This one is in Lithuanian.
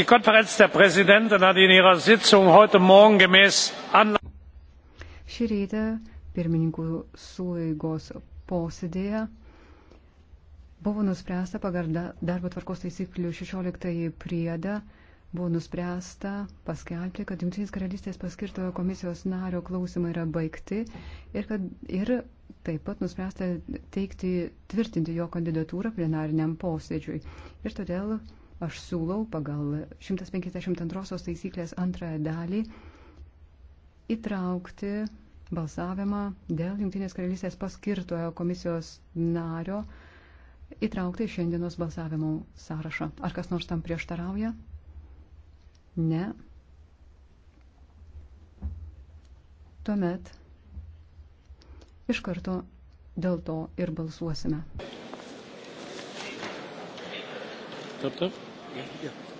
die konferenz der präsidenten hat in ihrer sitzung heute morgen gemäß šį rytą pirmininkų sueigos posėdėje buvo nuspręsta pagal darbo tvarkos taisyklių 16 priedą buvo nuspręsta paskelbti, kad Junktinės karalystės paskirtojo komisijos nario klausimai yra baigti ir, kad, ir taip pat nuspręsta teikti, tvirtinti jo kandidatūrą plenariniam posėdžiui. Ir todėl Aš siūlau pagal 152 taisyklės antrąją dalį įtraukti balsavimą dėl Junktinės karalystės paskirtojo komisijos nario įtraukti šiandienos balsavimų sąrašą. Ar kas nors tam prieštarauja? Ne. Tuomet iš karto dėl to ir balsuosime. Taptap? Yeah, yeah.